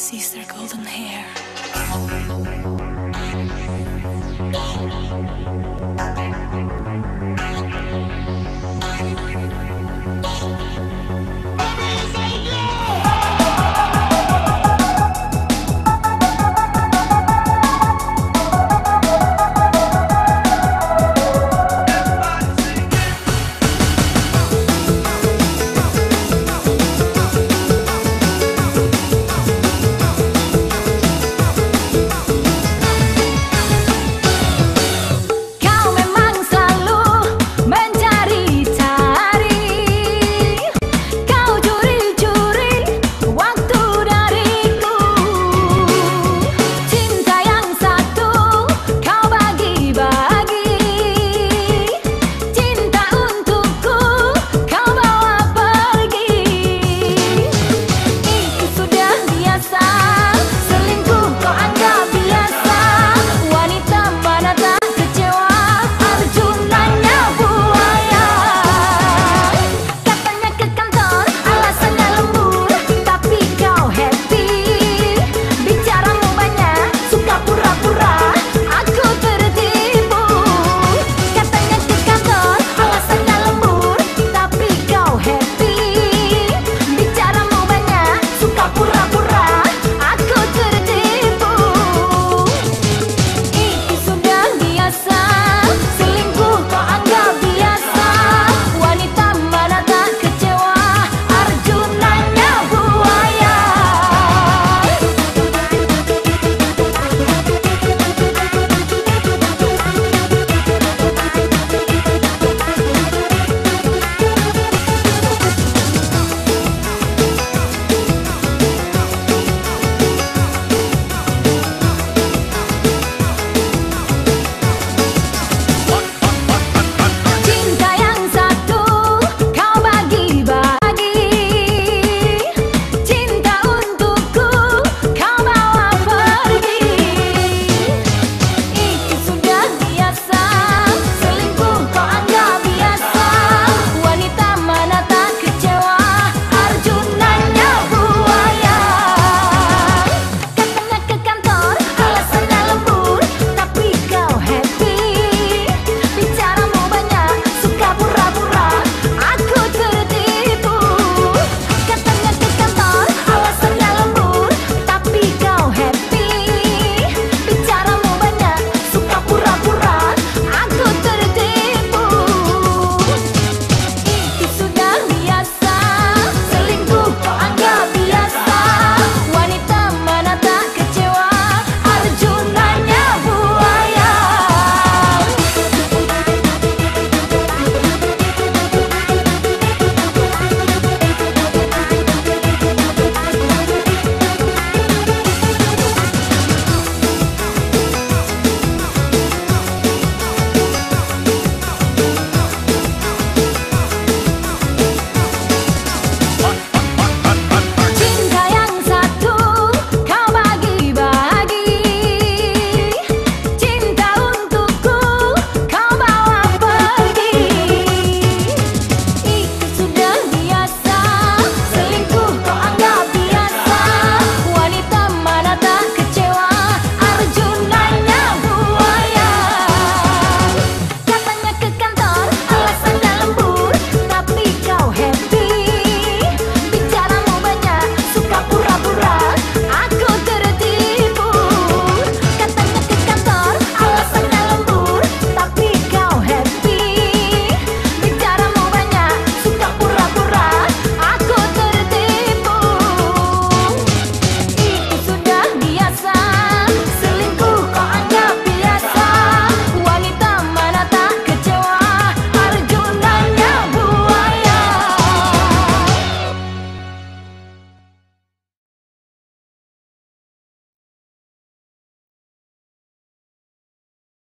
sees their golden hair.